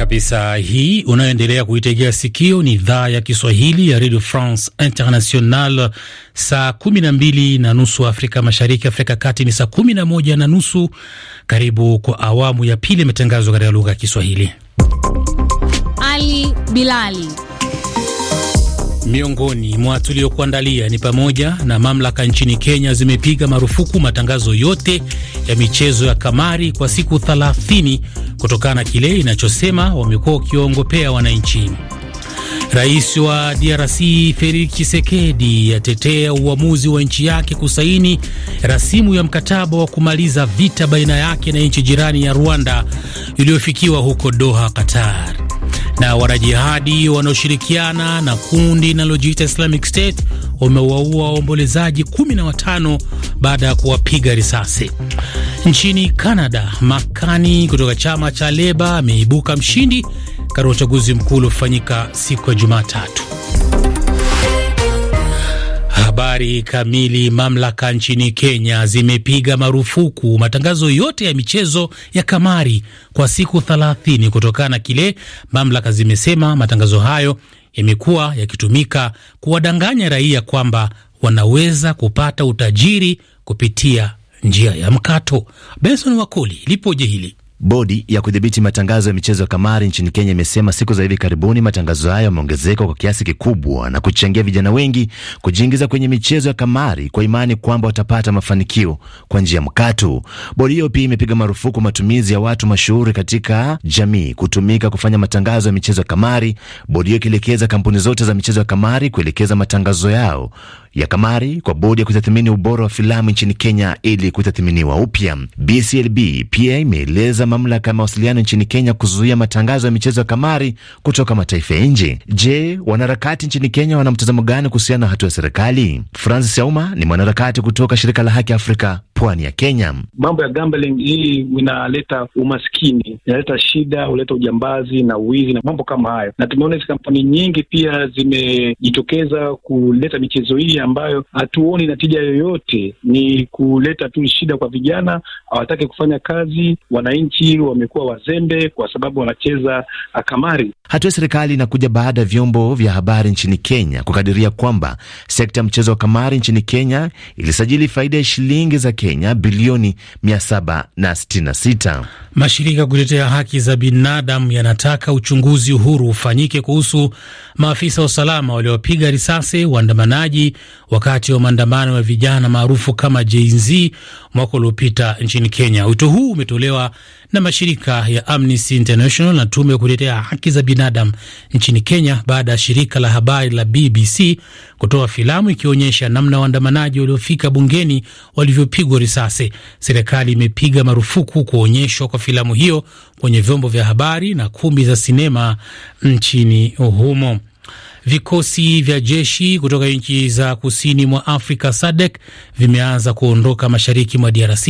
kabisa. Hii unayoendelea kuitegea sikio ni idhaa ya Kiswahili ya Radio France International. Saa kumi na mbili na nusu Afrika Mashariki, Afrika Kati ni saa kumi na moja na nusu. Karibu kwa awamu ya pili imetangazwa katika lugha ya Kiswahili. Ali Bilali Miongoni mwa tuliokuandalia ni pamoja na mamlaka nchini Kenya zimepiga marufuku matangazo yote ya michezo ya kamari kwa siku 30 kutokana na kile inachosema wamekuwa wakiongopea wananchi. Rais wa DRC Felix Tshisekedi atetea uamuzi wa nchi yake kusaini rasimu ya mkataba wa kumaliza vita baina yake na nchi jirani ya Rwanda iliyofikiwa huko Doha, Qatar. Na wanajihadi wanaoshirikiana na kundi linalojiita Islamic State wamewaua waombolezaji 15 baada ya kuwapiga risasi. Nchini Canada, Makani kutoka chama cha Leba ameibuka mshindi katika uchaguzi mkuu uliofanyika siku ya Jumatatu. Habari kamili. Mamlaka nchini Kenya zimepiga marufuku matangazo yote ya michezo ya kamari kwa siku 30 kutokana na kile mamlaka zimesema matangazo hayo yamekuwa yakitumika kuwadanganya raia kwamba wanaweza kupata utajiri kupitia njia ya mkato. Benson Wakoli, lipoje hili? Bodi ya kudhibiti matangazo ya michezo ya kamari nchini Kenya imesema siku za hivi karibuni matangazo hayo yameongezeka kwa kiasi kikubwa na kuchangia vijana wengi kujiingiza kwenye michezo ya kamari kwa imani kwamba watapata mafanikio kwa njia mkato. Bodi hiyo pia imepiga marufuku matumizi ya watu mashuhuri katika jamii kutumika kufanya matangazo ya michezo ya kamari, bodi hiyo ikielekeza kampuni zote za michezo ya kamari kuelekeza matangazo yao ya kamari kwa bodi ya kutathimini ubora wa filamu nchini Kenya ili kutathiminiwa upya. BCLB pia imeeleza mamlaka ya mawasiliano nchini Kenya kuzuia matangazo ya michezo ya kamari kutoka mataifa ya nje. Je, wanaharakati nchini Kenya wana mtazamo gani kuhusiana na hatua ya serikali? Francis Auma ni mwanaharakati kutoka shirika la Haki Afrika pwani ya Kenya. Mambo ya gambling hii inaleta umaskini, inaleta shida, huleta ujambazi na uwizi na mambo kama hayo, na tumeona hizi kampuni nyingi pia zimejitokeza kuleta michezo hii ambayo hatuoni na tija yoyote, ni kuleta tu shida kwa vijana, hawataki kufanya kazi. Wananchi wamekuwa wazembe kwa sababu wanacheza kamari. Hatua ya serikali inakuja baada ya vyombo vya habari nchini Kenya kukadiria kwamba sekta ya mchezo wa kamari nchini Kenya ilisajili faida ya shilingi za Kenya Kenya bilioni 766. Mashirika kutetea haki za binadamu yanataka uchunguzi uhuru ufanyike kuhusu maafisa wa usalama waliopiga risasi waandamanaji wakati wa maandamano ya vijana maarufu kama Gen Z mwaka uliopita nchini Kenya. Wito huu umetolewa na mashirika ya Amnesty International na tume ya kutetea haki za binadamu nchini Kenya baada ya shirika la habari la BBC kutoa filamu ikionyesha namna waandamanaji waliofika bungeni walivyopigwa risasi. Serikali imepiga marufuku kuonyeshwa kwa filamu hiyo kwenye vyombo vya habari na kumbi za sinema nchini humo. Vikosi vya jeshi kutoka nchi za kusini mwa Afrika SADC vimeanza kuondoka mashariki mwa DRC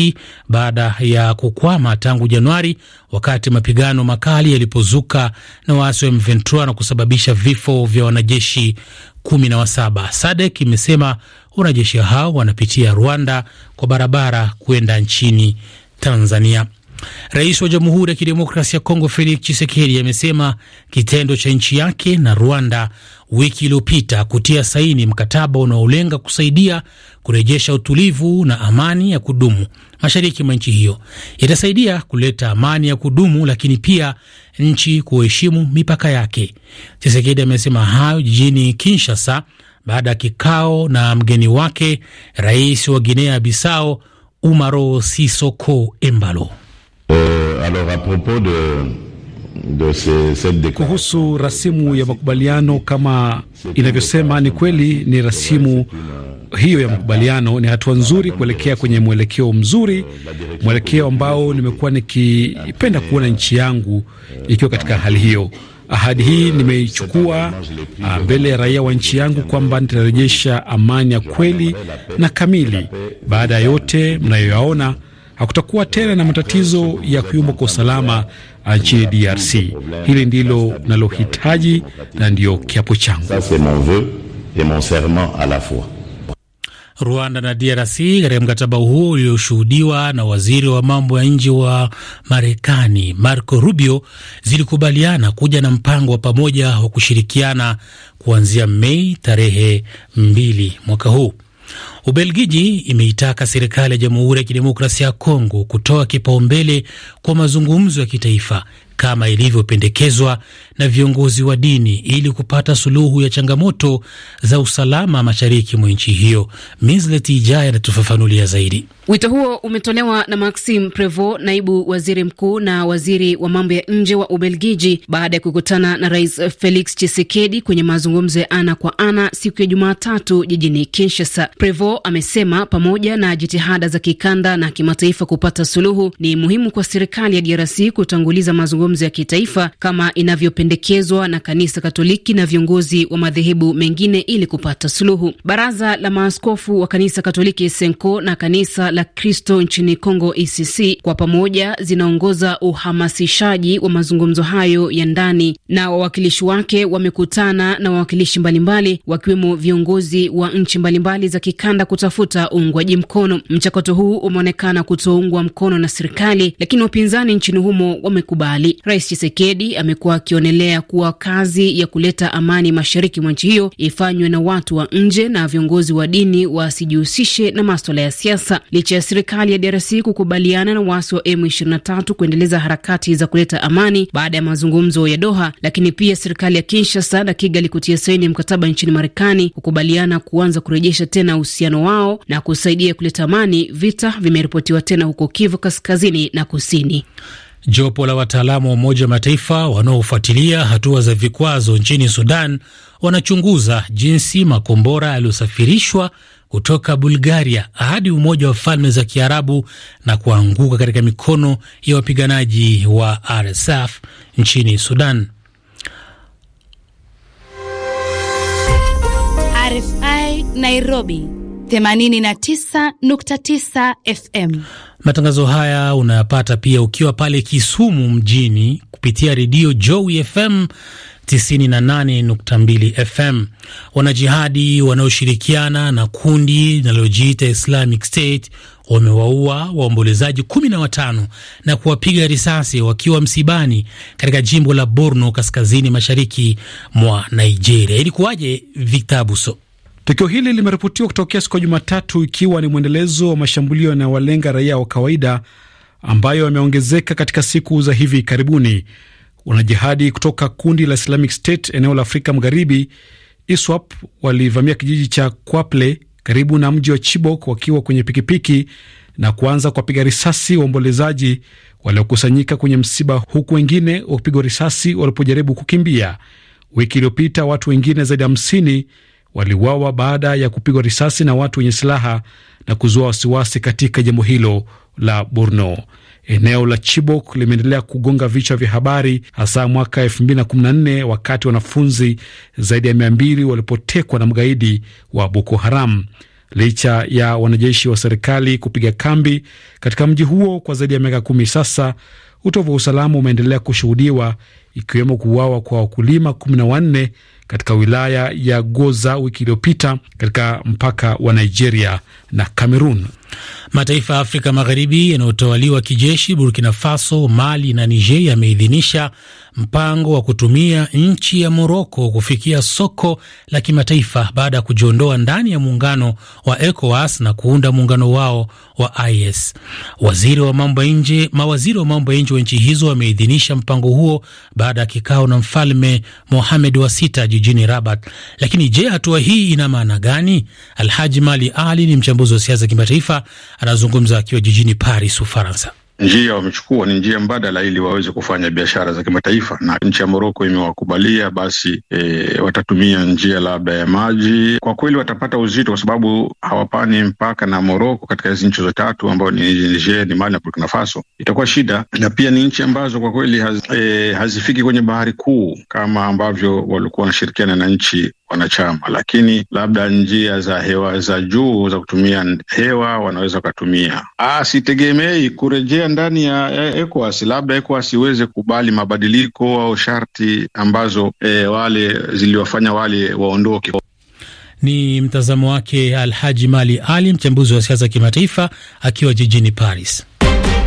baada ya kukwama tangu Januari, wakati mapigano makali yalipozuka na waasi wa M23 na kusababisha vifo vya wanajeshi kumi na wasaba. SADC imesema wanajeshi hao wanapitia Rwanda kwa barabara kwenda nchini Tanzania. Rais wa Jamhuri ya Kidemokrasia ya Kongo Felix Tshisekedi amesema kitendo cha nchi yake na Rwanda wiki iliyopita kutia saini mkataba unaolenga kusaidia kurejesha utulivu na amani ya kudumu mashariki mwa nchi hiyo. Itasaidia kuleta amani ya kudumu, lakini pia nchi kuheshimu mipaka yake. Chisekedi amesema hayo jijini Kinshasa baada ya kikao na mgeni wake rais wa Guinea Bissau Umaro Sisoko Embalo. Uh, alors, kuhusu rasimu ya makubaliano, kama inavyosema, ni kweli ni rasimu hiyo ya makubaliano ni hatua nzuri kuelekea kwenye mwelekeo mzuri, mwelekeo ambao nimekuwa nikipenda kuona nchi yangu ikiwa katika hali hiyo. Ahadi hii nimeichukua ah, mbele ya raia wa nchi yangu kwamba nitarejesha amani ya kweli na kamili baada ya yote mnayoyaona hakutakuwa tena na matatizo ya kuyumba kwa usalama nchini DRC. Hili ndilo nalohitaji na ndiyo kiapo changu. Rwanda na DRC katika mkataba huo ulioshuhudiwa na waziri wa mambo ya nje wa Marekani Marco Rubio zilikubaliana kuja na mpango wa pamoja wa kushirikiana kuanzia Mei tarehe mbili mwaka huu. Ubelgiji imeitaka serikali ya Jamhuri ya Kidemokrasia ya Kongo kutoa kipaumbele kwa mazungumzo ya kitaifa kama ilivyopendekezwa na viongozi wa dini ili kupata suluhu ya changamoto za usalama mashariki mwa nchi hiyo. Mislet Ijaya anatufafanulia zaidi. Wito huo umetolewa na Maxim Prevo, naibu waziri mkuu na waziri wa mambo ya nje wa Ubelgiji, baada ya kukutana na Rais Felix chisekedi kwenye mazungumzo ya ana kwa ana siku ya Jumatatu jijini Kinshasa. prevo amesema pamoja na jitihada za kikanda na kimataifa kupata suluhu, ni muhimu kwa serikali ya DRC kutanguliza mazungumzo mazungumzo ya kitaifa kama inavyopendekezwa na Kanisa Katoliki na viongozi wa madhehebu mengine ili kupata suluhu. Baraza la maaskofu wa Kanisa Katoliki Senko na Kanisa la Kristo nchini congo ECC kwa pamoja zinaongoza uhamasishaji wa mazungumzo hayo ya ndani, na wawakilishi wake wamekutana na wawakilishi mbalimbali wakiwemo viongozi wa nchi mbalimbali za kikanda kutafuta uungwaji mkono. Mchakato huu umeonekana kutoungwa mkono na serikali, lakini wapinzani nchini humo wamekubali mbili. Rais Chisekedi amekuwa akionelea kuwa kazi ya kuleta amani mashariki mwa nchi hiyo ifanywe na watu wa nje na viongozi wa dini wasijihusishe na maswala ya siasa, licha ya serikali ya DRC kukubaliana na waasi wa M23 kuendeleza harakati za kuleta amani baada ya mazungumzo ya Doha, lakini pia serikali ya Kinshasa na Kigali kutia saini mkataba nchini Marekani kukubaliana kuanza kurejesha tena uhusiano wao na kusaidia kuleta amani. Vita vimeripotiwa tena huko Kivu Kaskazini na Kusini. Jopo la wataalamu wa Umoja wa Mataifa wanaofuatilia hatua za vikwazo nchini Sudan wanachunguza jinsi makombora yaliyosafirishwa kutoka Bulgaria hadi Umoja wa Falme za Kiarabu na kuanguka katika mikono ya wapiganaji wa RSF nchini Sudan. RFI Nairobi 89.9 FM. Matangazo haya unayapata pia ukiwa pale Kisumu mjini kupitia redio Joy FM 98.2 FM. Wanajihadi wanaoshirikiana na kundi linalojiita Islamic State wamewaua waombolezaji kumi na watano na kuwapiga risasi wakiwa msibani katika jimbo la Borno kaskazini mashariki mwa Nigeria. Ilikuwaje, Victor Abuso? Tukio hili limeripotiwa kutokea siku ya Jumatatu, ikiwa ni mwendelezo wa mashambulio yanayowalenga raia wa kawaida ambayo yameongezeka katika siku za hivi karibuni. Wanajihadi kutoka kundi la Islamic State eneo la Afrika Magharibi, ISWAP, walivamia kijiji cha Kwaple karibu na mji wa Chibok wakiwa kwenye pikipiki na kuanza kuwapiga risasi waombolezaji waliokusanyika kwenye msiba, huku wengine wakipigwa risasi walipojaribu kukimbia. Wiki iliyopita watu wengine zaidi ya hamsini waliuawa baada ya kupigwa risasi na watu wenye silaha na kuzua wasiwasi katika jimbo hilo la Borno. Eneo la Chibok limeendelea kugonga vichwa vya habari hasa mwaka 2014 wakati wanafunzi zaidi ya 200 walipotekwa na mgaidi wa Boko Haram licha ya wanajeshi wa serikali kupiga kambi katika mji huo kwa zaidi ya miaka kumi sasa, utovu wa usalama umeendelea kushuhudiwa ikiwemo kuuawa kwa wakulima 14 wanne katika wilaya ya Goza wiki iliyopita katika mpaka wa Nigeria na Kamerun. Mataifa ya Afrika Magharibi yanayotawaliwa kijeshi Burkina Faso, Mali na Niger yameidhinisha mpango wa kutumia nchi ya Moroko kufikia soko la kimataifa baada ya kujiondoa ndani ya muungano wa ECOWAS na kuunda muungano wao wa IS. Waziri wa mambo ya nje, mawaziri wa mambo ya nje wa nchi hizo wameidhinisha mpango huo baada ya kikao na Mfalme Mohamed wa sita jijini Rabat. Lakini je, hatua hii ina maana gani? Alhaji Mali Ali ni mchambuzi wa siasa za kimataifa, anazungumza akiwa jijini Paris, Ufaransa njia wamechukua ni njia mbadala ili waweze kufanya biashara za kimataifa, na nchi ya Moroko imewakubalia basi, e, watatumia njia labda ya maji. Kwa kweli watapata uzito, kwa sababu hawapani mpaka na Moroko katika hizi nchi zote tatu ambayo ni Niger, ni Mali na Burkina Faso, itakuwa shida, na pia ni nchi ambazo kwa kweli haz, e, hazifiki kwenye bahari kuu kama ambavyo walikuwa wanashirikiana na nchi wanachama, lakini labda njia za hewa za juu za kutumia hewa wanaweza wakatumia. Ah, sitegemei kurejea ndani ya ECOWAS, labda ECOWAS iweze kubali mabadiliko au sharti ambazo e, wale ziliwafanya wale waondoke. Ni mtazamo wake Alhaji Mali Ali, mchambuzi wa siasa kimataifa, akiwa jijini Paris,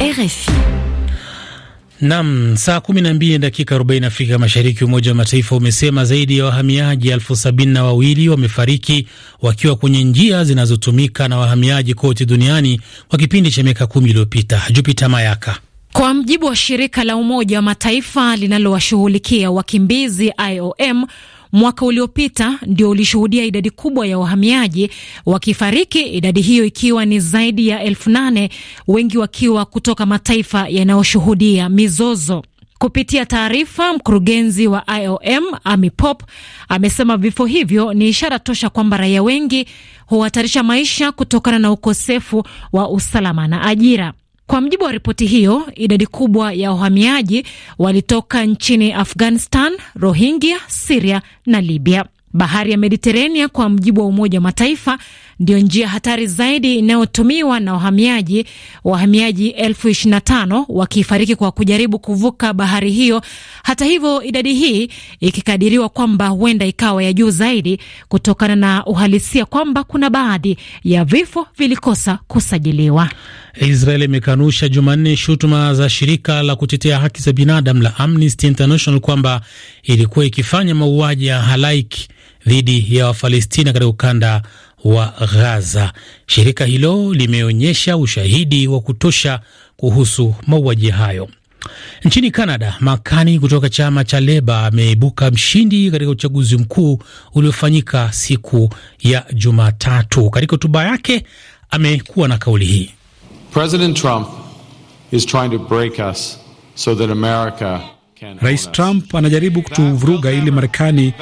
RFI. Nam, saa mbili dakika 40 Afrika Mashariki. Umoja wa Mataifa umesema zaidi ya wahamiaji elfu sabini na wawili wamefariki wakiwa kwenye njia zinazotumika na wahamiaji kote duniani kwa kipindi cha miaka kumi iliyopita. Jupita Mayaka. Kwa mjibu wa shirika la Umoja wa Mataifa linalowashughulikia wakimbizi IOM, Mwaka uliopita ndio ulishuhudia idadi kubwa ya wahamiaji wakifariki, idadi hiyo ikiwa ni zaidi ya elfu nane, wengi wakiwa kutoka mataifa yanayoshuhudia mizozo. Kupitia taarifa, mkurugenzi wa IOM Amy Pop amesema vifo hivyo ni ishara tosha kwamba raia wengi huhatarisha maisha kutokana na ukosefu wa usalama na ajira. Kwa mujibu wa ripoti hiyo, idadi kubwa ya wahamiaji walitoka nchini Afghanistan, Rohingya, Siria na Libya. Bahari ya Mediterania, kwa mujibu wa Umoja wa Mataifa, ndiyo njia hatari zaidi inayotumiwa na wahamiaji, wahamiaji elfu ishirini na tano wakifariki kwa kujaribu kuvuka bahari hiyo. Hata hivyo, idadi hii ikikadiriwa kwamba huenda ikawa ya juu zaidi kutokana na uhalisia kwamba kuna baadhi ya vifo vilikosa kusajiliwa. Israel imekanusha Jumanne shutuma za shirika la kutetea haki za binadamu la Amnesty International kwamba ilikuwa ikifanya mauaji ya halaiki dhidi ya Wafalestina katika ukanda wa Gaza. Shirika hilo limeonyesha ushahidi wa kutosha kuhusu mauaji hayo. Nchini Canada, makani kutoka chama cha Leba ameibuka mshindi katika uchaguzi mkuu uliofanyika siku ya Jumatatu. Katika hotuba yake amekuwa na kauli hii. President Trump is trying to break us so that America Rais Trump anajaribu kutuvuruga ili Marekani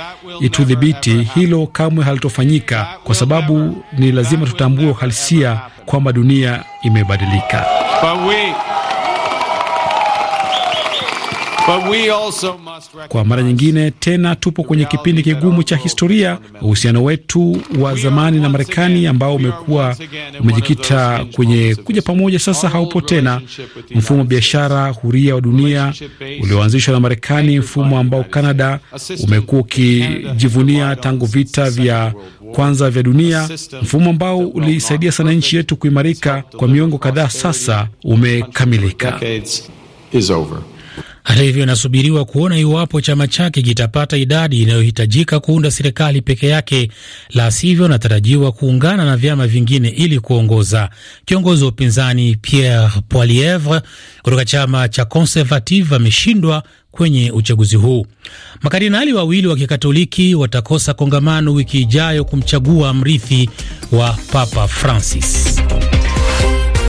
itudhibiti. Hilo kamwe halitofanyika kwa sababu ni lazima tutambue uhalisia kwamba dunia imebadilika. Kwa mara nyingine tena tupo kwenye kipindi kigumu cha historia. Uhusiano wetu wa zamani na Marekani ambao umekuwa umejikita kwenye kuja pamoja, sasa haupo tena. Mfumo wa biashara huria wa dunia ulioanzishwa na Marekani, mfumo ambao Kanada umekuwa ukijivunia tangu vita vya kwanza vya dunia, mfumo ambao ulisaidia sana nchi yetu kuimarika kwa miongo kadhaa, sasa umekamilika. Hata hivyo, inasubiriwa kuona iwapo chama chake kitapata idadi inayohitajika kuunda serikali peke yake, la sivyo anatarajiwa kuungana na vyama vingine ili kuongoza. Kiongozi wa upinzani Pierre Poilievre kutoka chama cha Conservative ameshindwa kwenye uchaguzi huu. Makardinali wawili wa Kikatoliki watakosa kongamano wiki ijayo kumchagua mrithi wa Papa Francis.